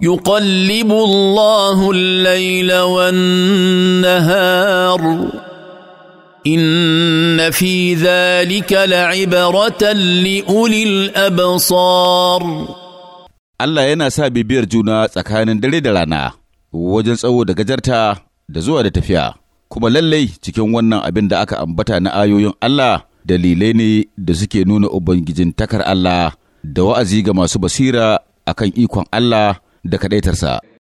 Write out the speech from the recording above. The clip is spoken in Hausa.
يقلب الله الليل والنهار ان في ذلك لعبره لاولي الابصار Allah yana sa bibiyar juna tsakanin dare da rana wajen tsawo da gajarta da zuwa da tafiya kuma lallai cikin wannan abin da aka ambata na ayoyin Allah dalilai ne da suke nuna ubangijin takar Allah da wa'azi ga masu basira akan ikon Allah da kaɗaitarsa.